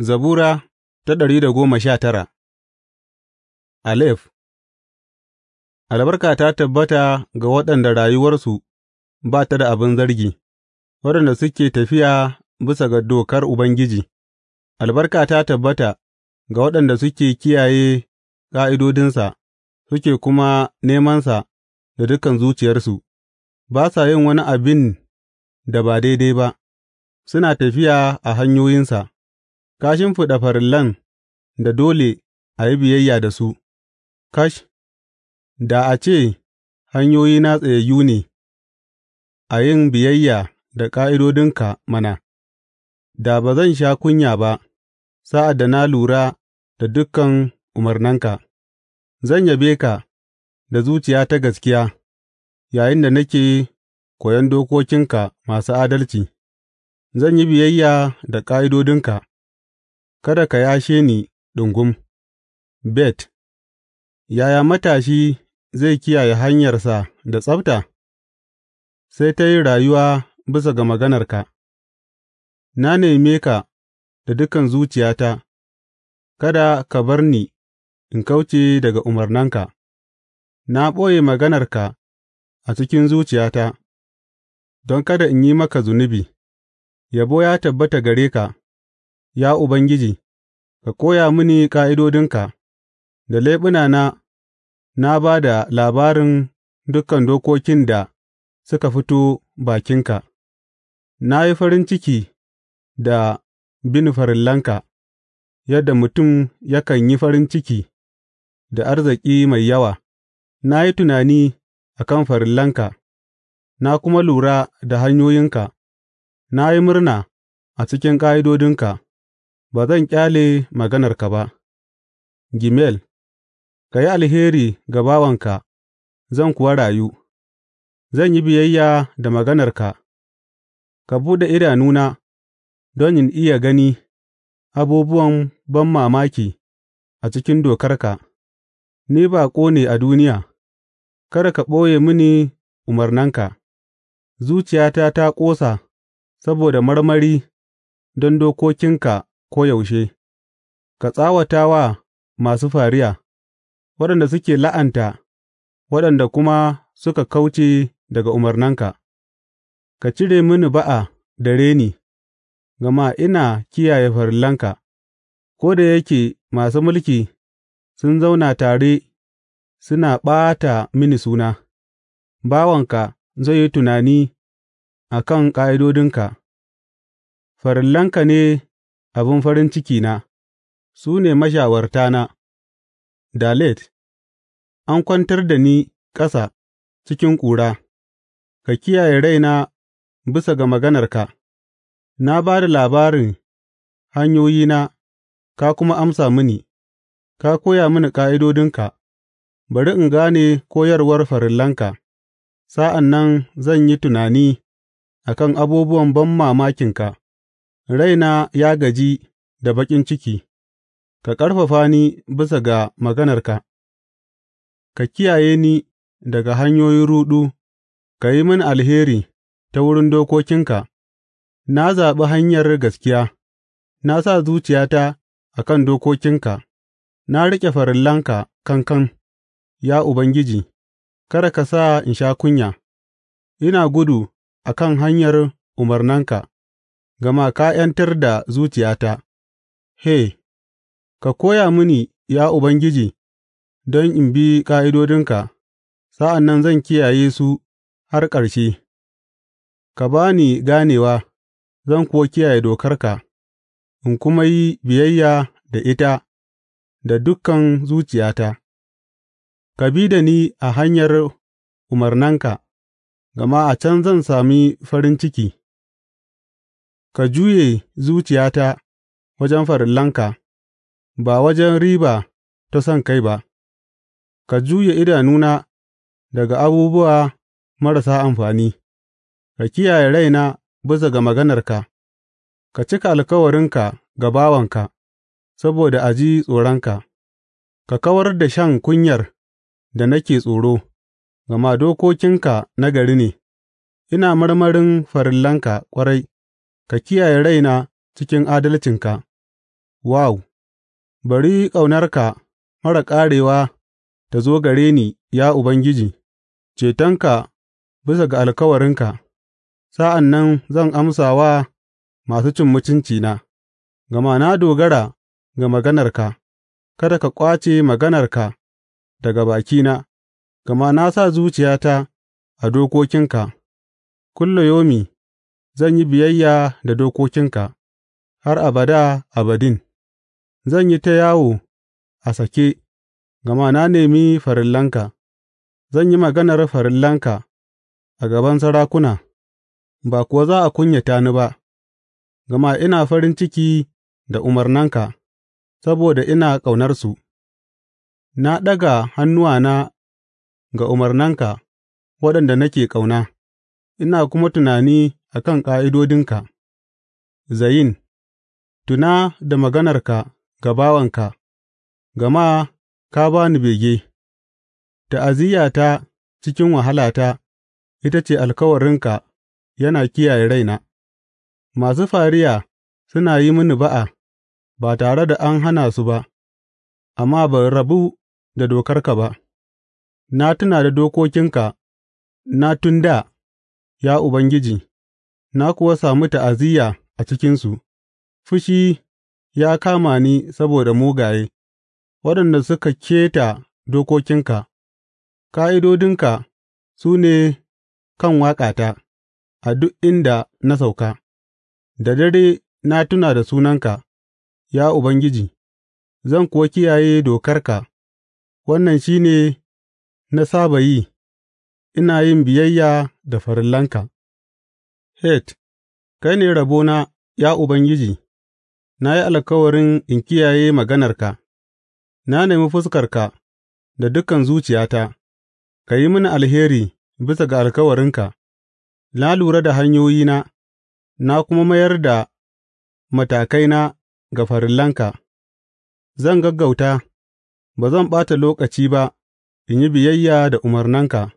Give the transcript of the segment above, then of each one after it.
Zabura ta ɗari da goma sha tara Alef Albarka ta tabbata ga waɗanda rayuwarsu ba ta da abin zargi, waɗanda suke tafiya bisa ga dokar Ubangiji, albarka ta tabbata ga waɗanda suke kiyaye ƙa'idodinsa, suke kuma nemansa da dukan zuciyarsu, ba sa yin wani abin da ba daidai ba, suna tafiya a hanyoyinsa. Ka shimfiɗa farillan da dole a yi biyayya da su, Kash, da a ce hanyoyi na tsayayyu ne a yin biyayya da ƙa'idodinka mana, da ba zan sha kunya ba sa'ad da na lura da dukan umarnanka; zan yabe ka da zuciya ta gaskiya Yayin da nake koyon dokokinka masu adalci, zan yi biyayya da ƙa'idodinka. Kada ka yashe ni ɗungum Bet Yaya matashi zai kiyaye hanyarsa da tsabta, sai ta yi rayuwa bisa ga maganarka; na neme ka da dukan zuciyata, kada ka bar ni in kauce daga umarnanka; na ɓoye maganarka a cikin zuciyata don kada in yi maka zunubi yabo ya tabbata gare ka. Ya Ubangiji, ka koya mini ƙa'idodinka; da leɓunana na ba da labarin dukan dokokin da suka fito bakinka; na yi farin ciki da bin farillanka yadda mutum yakan yi farin ciki da arziki mai yawa, na yi tunani a kan farillanka na kuma lura da hanyoyinka; na yi murna a cikin ƙa'idodinka. Ba zan ƙyale maganarka ba Gimel Ka yi alheri ga bawanka, zan kuwa rayu; zan yi biyayya da maganarka, ka buɗe idanuna don in iya gani abubuwan ban mamaki a cikin dokarka Ni baƙo ne a duniya, kada ka ɓoye mini umarnanka; zuciyata ta ƙosa saboda marmari don dokokinka. koyaushe; ka tsawata wa masu fariya, waɗanda suke la'anta waɗanda kuma suka kauce daga umarnanka; ka cire mini ba'a da reni, gama ina kiyaye farillanka, ko da yake masu mulki sun zauna tare suna ɓata mini suna, bawanka zai yi tunani a kan ƙa'idodinka. Farillanka ne. abin farin cikina, su ne mashawartana, Dalet, an kwantar da ni ƙasa cikin ƙura, ka kiyaye raina bisa ga maganarka, na ba da labarin hanyoyina, ka kuma amsa mini, ka koya mini ƙa'idodinka, bari in gane koyarwar farillanka, sa'an nan zan yi tunani a kan abubuwan banmamakinka. Raina ya gaji da baƙin ciki; ka ƙarfafa ni bisa ga maganarka, ka kiyaye ni daga hanyoyin ruɗu ka yi min alheri ta wurin dokokinka Na zaɓi hanyar gaskiya; na sa zuciyata a kan dokokinka na riƙe farillanka kankan, ya Ubangiji, kada ka sa in sha kunya, ina gudu a kan hanyar umarnanka. gama ka ’yantar da zuciyata; He, ka koya mini, ya Ubangiji, don in bi ƙa'idodinka, sa'an nan zan kiyaye su har ƙarshe; ka ba ni ganewa, zan kuwa kiyaye dokarka in kuma yi biyayya da ita da dukan zuciyata; ka bi da ni a hanyar umarnanka, gama a can zan sami farin ciki. Ka juye zuciyata wajen farillanka ba wajen riba ta son kai ba; ka juye idanuna daga abubuwa marasa amfani, ka kiyaye raina bisa ga maganarka; ka cika alkawarinka ga bawanka, saboda a tsoronka; ka kawar da shan kunyar da nake tsoro, gama dokokinka nagari ne, ina marmarin farillanka ƙwarai. Ka kiyaye raina cikin adalcinka, Waw Bari ƙaunarka mara ƙarewa ta zo gare ni, ya Ubangiji, cetonka bisa ga alkawarinka; sa'an nan zan amsa wa masu cin mutuncina, gama na dogara ga maganarka, kada ka ƙwace maganarka daga bakina, gama na sa zuciyata a dokokinka yomi. zan yi biyayya da dokokinka har abada abadin; zan yi ta yawo a sake, gama na nemi farillanka; zan yi maganar farillanka a gaban sarakuna, ba kuwa za a kunyata ni ba, gama ina farin ciki da umarnanka saboda ina ƙaunarsu, na ɗaga hannuwana ga umarnanka waɗanda nake ƙauna, ina kuma tunani. a kan ƙa'idodinka Zayin Tuna da maganarka ga bawanka, gama ka ba ni bege; ta'aziyyata cikin wahalata ita ce alkawarinka yana kiyaye raina, masu fariya suna yi mini ba'a ba tare da an hana su ba, amma ban rabu da dokarka ba; na tuna da dokokinka na tun da ya Ubangiji. na kuwa sami ta'aziyya a cikinsu, fushi ya kama ni saboda mugaye, waɗanda suka keta dokokinka, ƙa'idodinka su ne kan waƙata a duk inda na sauka, da dare na tuna da sunanka, ya Ubangiji, zan kuwa kiyaye dokarka, wannan shi ne na saba yi, ina yin biyayya da farillanka. Het Kai ne rabona, ya Ubangiji; na yi alkawarin in kiyaye maganarka; na nemi fuskarka da dukan zuciyata, ka yi mini alheri bisa ga alkawarinka; na lura da hanyoyina na kuma mayar da matakaina ga farillanka; zan gaggauta, ba zan ɓata lokaci ba in yi biyayya da umarnanka,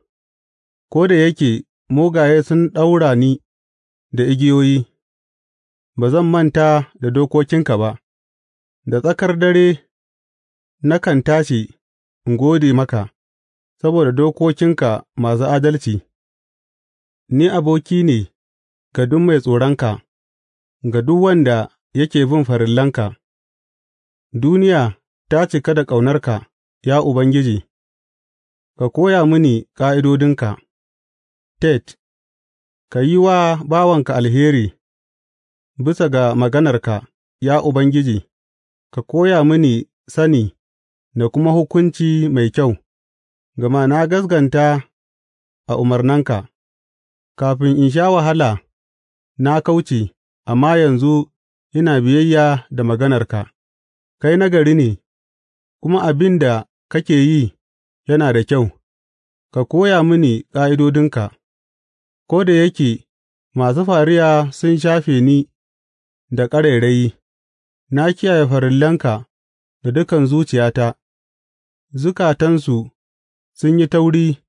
ko da yake mugaye sun ɗaura ni. da igiyoyi, ba zan manta da dokokinka ba; da tsakar dare nakan tashi in gode maka saboda dokokinka masu adalci, ni aboki ne ga duk mai tsoronka, ga duk wanda yake bin farillanka; duniya ta cika da ƙaunarka, ya Ubangiji, ka koya mini ƙa'idodinka. Tet Ka yi wa bawanka alheri bisa ga maganarka, ya Ubangiji; ka koya mini sani da kuma hukunci mai kyau, gama na gaskanta a umarnanka Kafin in sha wahala na kauce, amma yanzu ina biyayya da maganarka; kai nagari ne, kuma abin da kake yi yana da kyau; ka koya mini ƙa'idodinka. ko da yake masu fariya sun shafe ni da ƙarairayi, na kiyaye farillanka da dukan zuciyata, zukatansu sun yi tauri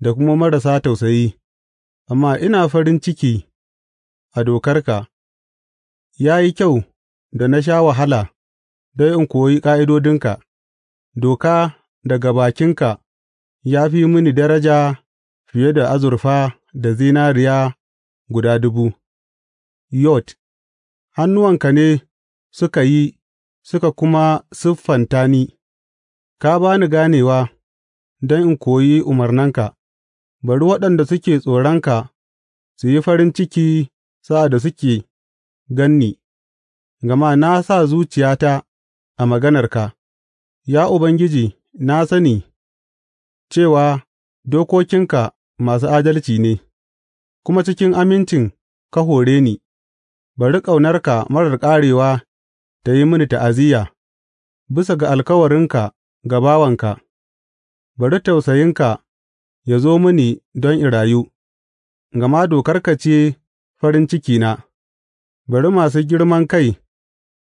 da kuma marasa tausayi, amma ina farin ciki a dokarka, ya yi kyau da na sha wahala don in koyi ƙa'idodinka, doka daga bakinka ya fi mini daraja fiye da azurfa da zinariya guda dubu, Yot, hannuwanka ne suka yi suka kuma siffanta ni, ka ba ni ganewa don in koyi umarnanka, bari waɗanda suke tsoronka su yi farin ciki sa'ad da suke ganni. ni, gama na sa zuciyata a maganarka, Ya Ubangiji, na sani cewa dokokinka masu adalci ne. kuma cikin amincin ka hore ni; bari ƙaunarka marar ƙarewa ta yi mini ta'aziyya, bisa ga alkawarinka ga bawanka; bari tausayinka ya zo mini don in rayu, gama dokarka ce farin cikina, bari masu girman kai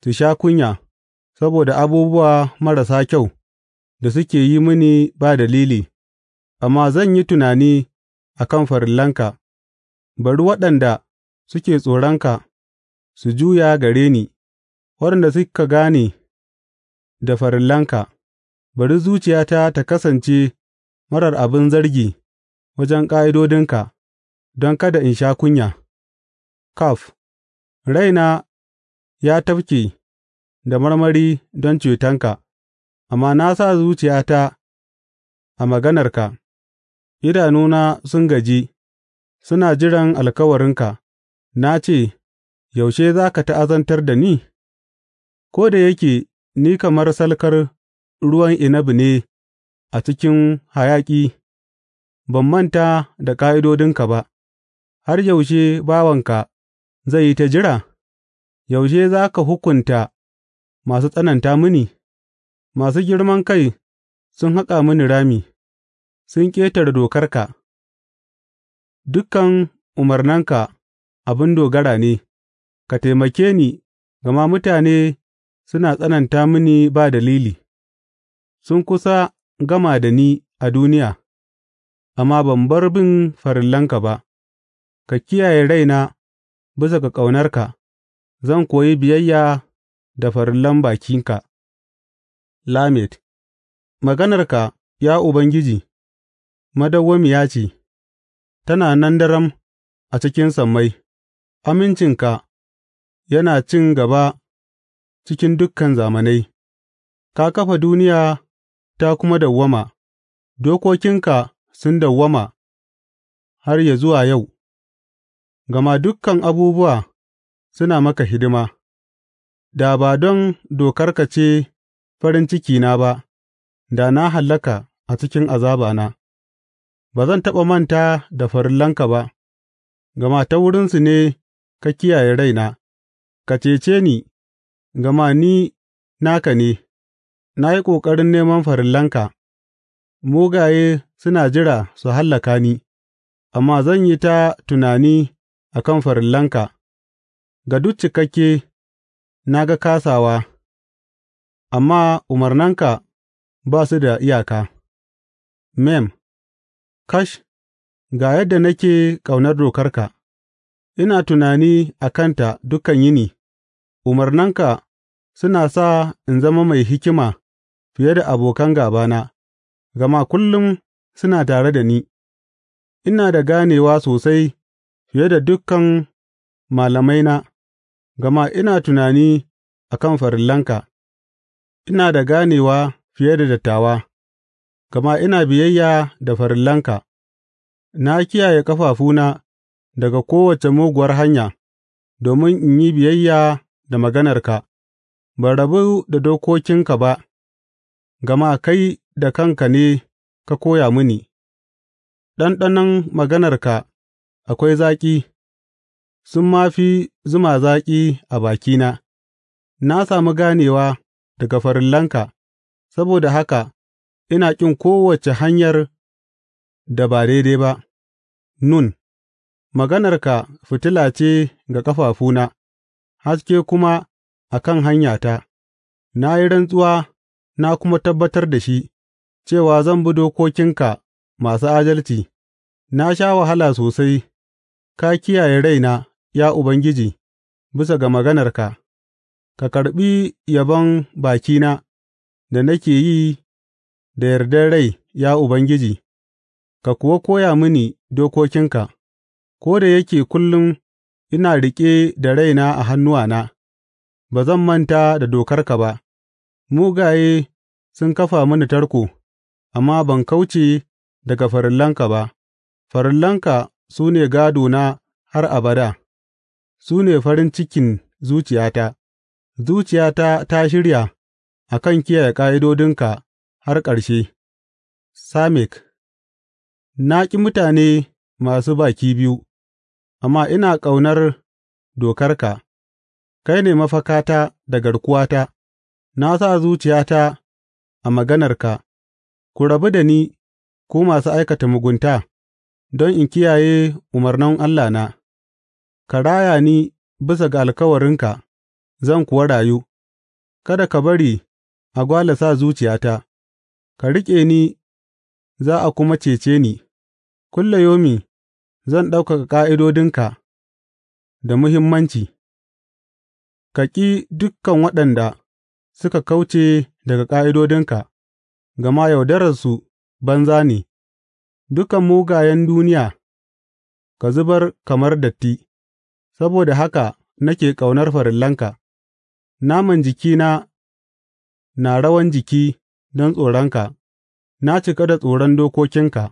su sha kunya saboda abubuwa marasa kyau da suke yi mini ba dalili, amma zan yi tunani a kan farillanka. Bari waɗanda suke tsoronka su juya gare ni, waɗanda suka gane da farillanka; bari zuciyata ta kasance marar abin zargi wajen ƙa'idodinka, don kada in sha kunya. Kaf Raina ya tafke da marmari don cetonka, amma na sa zuciyata a maganarka; idanuna sun gaji. suna jiran alkawarinka; na ce, Yaushe za ka ta'azantar da ni, ko da yake ni kamar salkar ruwan inabi ne a cikin hayaƙi, ban manta da ƙa'idodinka ba, har yaushe bawanka zai yi ta jira, yaushe za ka hukunta masu tsananta mini, masu girman kai sun haƙa mini rami, sun ƙetare dokarka. Dukan umarnanka abin dogara ne; ka taimake ni, gama mutane suna tsananta mini ba dalili; sun kusa gama da ni a duniya, amma ban bar bin farillanka ba; ka kiyaye raina bisa ga ƙaunarka, zan koyi biyayya da farillan bakinka. Lamed Maganarka, ya Ubangiji, madawwamiya ce. tana nan daram a cikin sammai; amincinka yana cin gaba cikin dukan zamanai; ka kafa duniya ta kuma dawwama, dokokinka sun dawwama har ya zuwa yau, gama dukan abubuwa suna maka hidima, da ba don dokarka ce farin cikina ba, da na hallaka a cikin azabana. Ba zan taɓa manta da farillanka ba, gama ta wurinsu ne ka kiyaye raina; ka cece ni, gama ni naka ne, na yi ƙoƙarin neman farillanka, mugaye suna jira su hallaka ni, amma zan yi ta tunani a kan farillanka, ga duk cikakke na ga kasawa. amma umarnanka ba su da iyaka. Mem Kash, ga yadda nake ƙaunar dokarka, ina tunani a kanta dukan yini; umarnanka suna sa in zama mai hikima fiye da abokan gābana, gama kullum suna tare da ni, ina da ganewa sosai fiye da dukan malamaina, gama ina tunani a kan farillanka ina da ganewa fiye da dattawa. gama ina biyayya da farillanka na kiyaye ƙafafuna daga kowace muguwar hanya domin in yi biyayya da maganarka, ban rabu da dokokinka ba, gama kai da kanka ne ka koya mini, ɗanɗanon maganarka akwai zaƙi, sun ma fi zuma zaƙi a bakina, na sami ganewa daga farillanka, saboda haka ina ƙin kowace hanyar da ba daidai ba. Nun Maganarka fitila ce ga ƙafafuna, haske kuma a kan hanyata, na yi rantsuwa na kuma tabbatar da shi, cewa zan bi dokokinka masu adalci, na sha wahala sosai, ka kiyaye raina, ya Ubangiji, bisa ga maganarka, ka karɓi yabon bakina da nake yi da yardar rai, ya Ubangiji, ka kuwa koya mini dokokinka, ko da yake kullum ina riƙe da raina a hannuwana, ba zan manta da dokarka ba, mugaye sun kafa mini tarko, amma ban kauce daga farillanka ba, farillanka su ne na har abada, su ne farin cikin zuciyata, zuciyata ta shirya a kan kiyaye ƙa'idodinka. har ƙarshe Samek Na ƙi mutane masu baki biyu, amma ina ƙaunar dokarka; kai ne mafakata da garkuwata, na sa zuciyata a maganarka, ku rabu da ni, ku masu aikata mugunta, don in kiyaye umarnan Allahna, ka raya ni bisa ga alkawarinka, zan kuwa rayu; kada ka bari a gwale sa zuciyata. Ka riƙe ni za a kuma cece ni; kullayaumi zan ɗaukaka ƙa'idodinka da muhimmanci, ka ƙi dukan waɗanda suka kauce daga ƙa'idodinka, gama yaudararsu banza ne, dukan mugayen duniya ka zubar kamar datti; saboda haka nake ƙaunar farillanka, naman jikina na rawan jiki. don tsoronka; na cika da tsoron dokokinka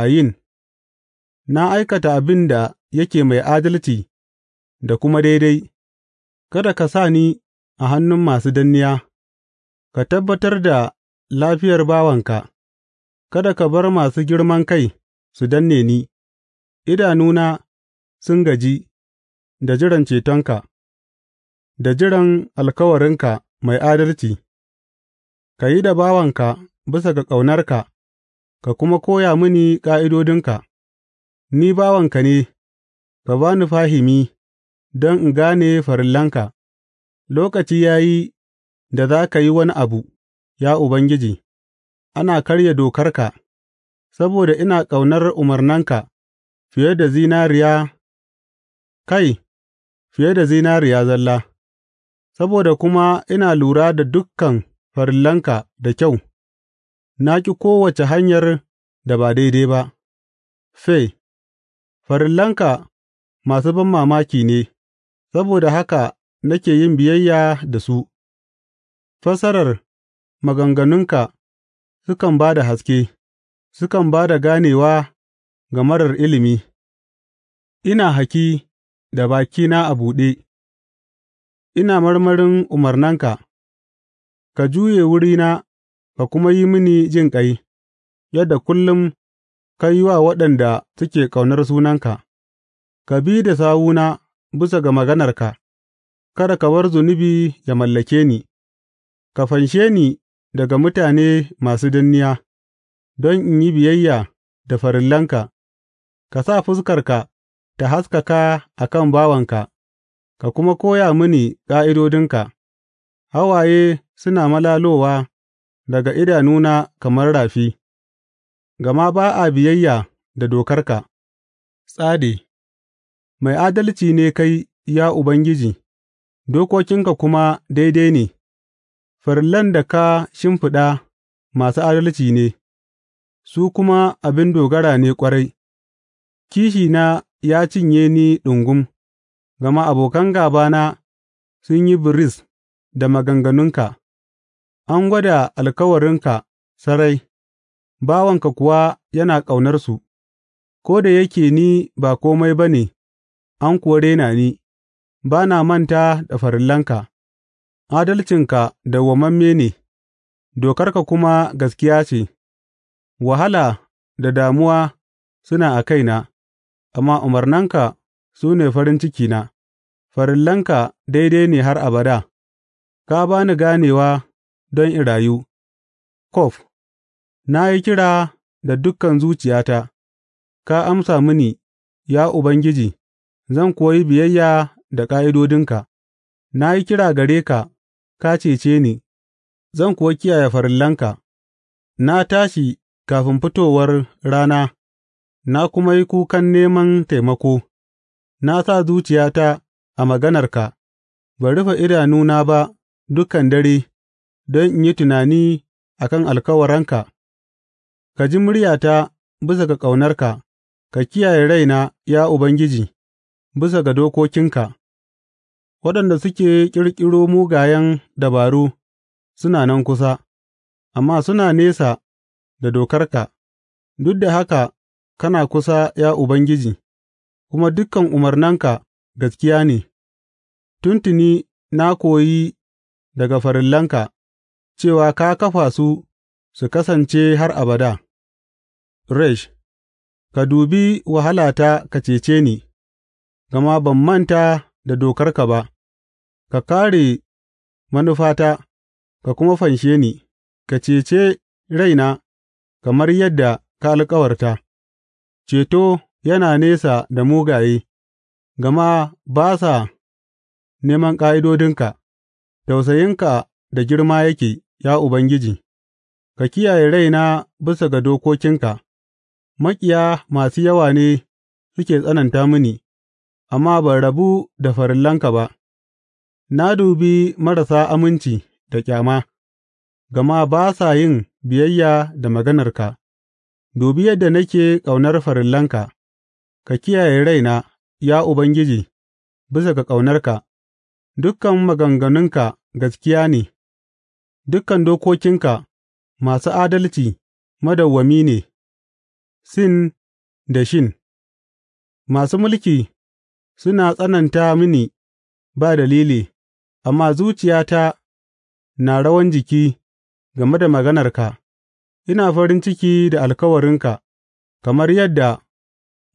a yin, na aikata abin da yake mai adalci da kuma daidai; kada ka sa ni a hannun masu danniya, ka tabbatar da lafiyar bawanka; kada ka bar masu girman kai su danne ni, idanuna sun gaji da jiran cetonka, da jiran alkawarinka mai adalci. Ka yi da bawanka bisa ga ƙaunarka ka kuma koya mini ƙa'idodinka; ni bawanka ne, ka ba ni fahimi don in gane farillanka Lokaci ya yi da za ka yi wani abu, ya Ubangiji; ana karya dokarka, saboda ina ƙaunar umarnanka fiye da zinariya kai, fiye da zinariya zalla, saboda kuma ina lura da dukan farillanka da kyau; na ƙi kowace hanyar da ba daidai ba. Fe Farillanka masu ban mamaki ne, saboda haka nake yin biyayya da su; fassarar maganganunka sukan ba da haske, sukan ba da ganewa ga marar ilimi; ina haki da bakina a buɗe, ina marmarin umarnanka. Ka juye wurina ka kuma yi mini jinƙai, yadda kullum ka yi wa waɗanda suke ƙaunar sunanka; ka bi da sawuna bisa ga maganarka, kada ka bar zunubi ya mallake ni; ka fanshe ni daga mutane masu danniya, don in yi biyayya da farillanka; ka sa fuskarka ta haskaka a kan bawanka ka kuma koya mini ƙa'idodinka. Hawaye suna malalowa daga idanuna kamar rafi, gama ba a biyayya da dokarka. Tsade Mai adalci ne kai, ya Ubangiji, dokokinka kuma daidai ne; farillan da ka shimfiɗa masu adalci ne, su kuma abin dogara ne ƙwarai; kishina ya cinye ni ɗungum, gama abokan gābana sun yi biris da maganganunka. An gwada alkawarinka sarai, bawanka kuwa yana ƙaunarsu; ko da yake ni ba kome ba ne an kuwa rena ni, ba na manta da farillanka, Adalcinka dawwammame ne, dokarka kuma gaskiya ce; wahala da damuwa suna a kaina, amma umarnanka su ne farin cikina; farillanka daidai ne har abada, ka ba ni ganewa. don in rayu Kof Na yi kira da dukan zuciyata; ka amsa mini, ya Ubangiji, zan koyi biyayya da ƙa'idodinka Na yi kira gare ka ka cece ni, zan kuwa kiyaye farillanka; na tashi kafin fitowar rana na kuma yi kukan neman taimako; na sa zuciyata a maganarka ban rufe idanuna ba dukan dare. don in yi tunani a kan alkawaranka; ka ji muryata bisa ga ƙaunarka, ka kiyaye raina, ya Ubangiji, bisa ga dokokinka Waɗanda suke ƙirƙiro mugayen dabaru suna nan kusa, amma suna nesa da dokarka; duk da haka kana kusa, ya Ubangiji, kuma dukan umarnanka gaskiya ne; tuntuni na koyi daga farillanka. cewa ka kafa su su kasance har abada. Resh Ka dubi wahalata ka cece ni, gama ban manta da dokarka ba, ka kare manufata, ka kuma fanshe ni, ka cece raina kamar yadda ka alkawarta. Ceto yana nesa da mugaye, gama ba sa neman ƙa'idodinka, tausayinka da girma yake. ya Ubangiji; ka kiyaye raina bisa ga dokokinka Maƙiya masu yawa ne suke tsananta mini, amma ban rabu da farillanka ba; na dubi marasa aminci da ƙyama, gama ba sa yin biyayya da maganarka Dubi yadda nake ƙaunar farillanka; ka kiyaye raina, ya Ubangiji, bisa ga ƙaunarka; dukan maganganunka gaskiya ne. Dukan dokokinka masu adalci madawwami ne, Sin da Shin Masu mulki suna tsananta mini ba dalili, amma zuciyata na rawan jiki game da maganarka; ina farin ciki da alkawarinka, kamar yadda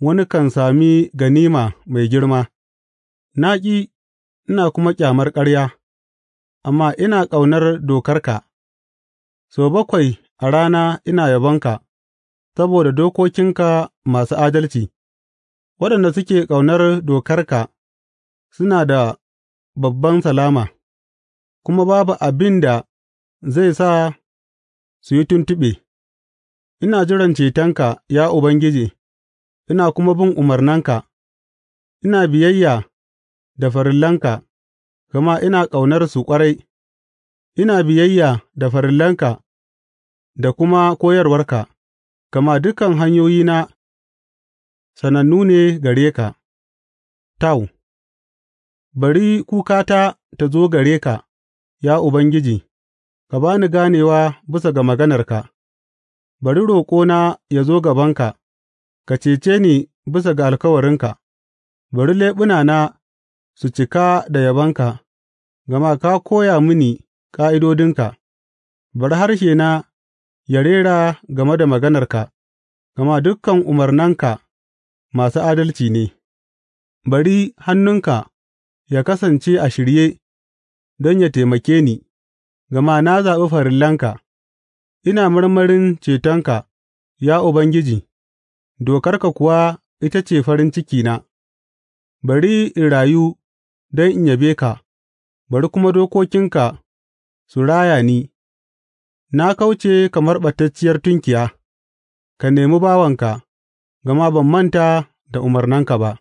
wani kan sami ganima mai girma, na ina kuma ƙyamar ƙarya. Amma ina ƙaunar dokarka; sau bakwai a rana ina yabonka saboda dokokinka masu adalci Waɗanda suke ƙaunar dokarka suna da babban salama, kuma babu abin da zai sa su yi tuntuɓe; ina jiran cetonka, ya Ubangiji, ina kuma bin umarnanka ina biyayya da farillanka. gama ina ƙaunarsu ƙwarai; ina biyayya da farillanka da kuma koyarwarka, gama dukan hanyoyina sanannu ne gare ka. Taw Bari kukata ta zo gare ka, ya Ubangiji; ka ba ni ganewa bisa ga maganarka; bari roƙona ya zo gabanka, ka cece ni bisa ga alkawarinka; bari leɓunana su cika da yabonka. Gama ka koya mini ƙa'idodinka; bari harshena ya rera game da maganarka, gama dukan umarnanka masu adalci ne; bari hannunka ya kasance a shirye don ya taimake ni, gama na zaɓi farillanka ina marmarin cetonka, ya Ubangiji, dokarka kuwa ita ce farin cikina; bari in rayu don in yabe ka. Bari kuma dokokinka su raya ni; na kauce kamar ɓatacciyar tunkiya, ka nemi bawanka, gama ban manta da umarnanka ba.